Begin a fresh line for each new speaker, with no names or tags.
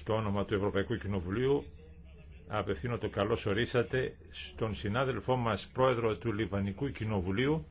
στο όνομα του Ευρωπαϊκού Κοινοβουλίου απευθύνω το καλό ορίσατε στον συνάδελφό μας πρόεδρο του Λιβανικού Κοινοβουλίου